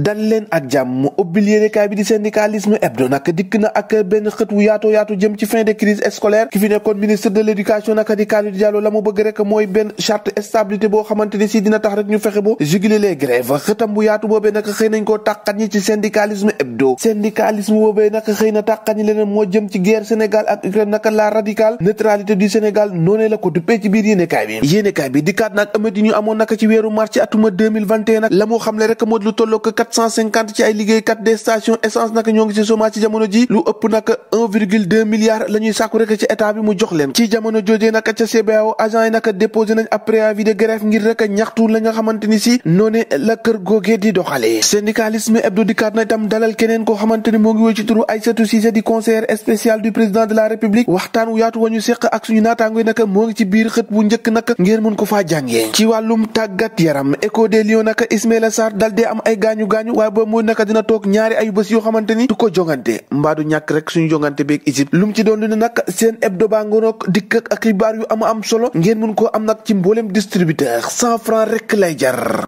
dal leen ak jàmm mu ubbil yéenekaay bi di syndicalisme hebdo naka dikk na ak benn xët wu yaatoo yaatu jëm ci fin de crise scolaire ki fi nekkoon ministre de l'éducation naka di Khalidou Diallo la mu bëgg rek mooy benn charte stabilité boo xamante ni si dina tax rek ñu fexe ba juguler les grèves xëtam bu yaatu boobee nag xëy nañ koo tàqat ñi ci syndicalisme hebdo syndicalisme boobee nag xëy na tàqat ñi leneen moo jëm ci guerre Sénégal ak Ukraine naka la radicale 450 ci ay liggéeykat des stations essence nag ñoo ngi ci chômage ci jamono ji lu ëpp nag 1,2 milliard la ñuy sàkku rek ci état bi mu jox leen ci jamono joojee nag ca CBAO agent yi nag déposé nañ ab préavis de grève ngir rek ñaxtu la nga xamante ni si noone la kër googee di doxalee syndicalisme hebdo dikkaat na itam dalal keneen koo xamante ni moo ngi woy ci turu Aïssatou Cissé di conseillère spéciale du président de la république waxtaan wu yaatu wa ñu seq ak suñu ngi ci biir bu njëkk nag ngeen mën ko faa jàngee ci wàllum tàggat yaram écho des lions nag Ismaïla Sarr dal dee am ay gaañu gaañu waaye boobu muy naka dina toog ñaari ay bés yoo xamante ni du ko jongante mbaadu ñàkk rek suñu jongante beek Égypte lu mu ci doon lu ne nag seen hebdo baa ngonoog dikk a xibaar yu ama am solo ngeen mun koo am nag ci mboolem distributeur cent franc rek lay jar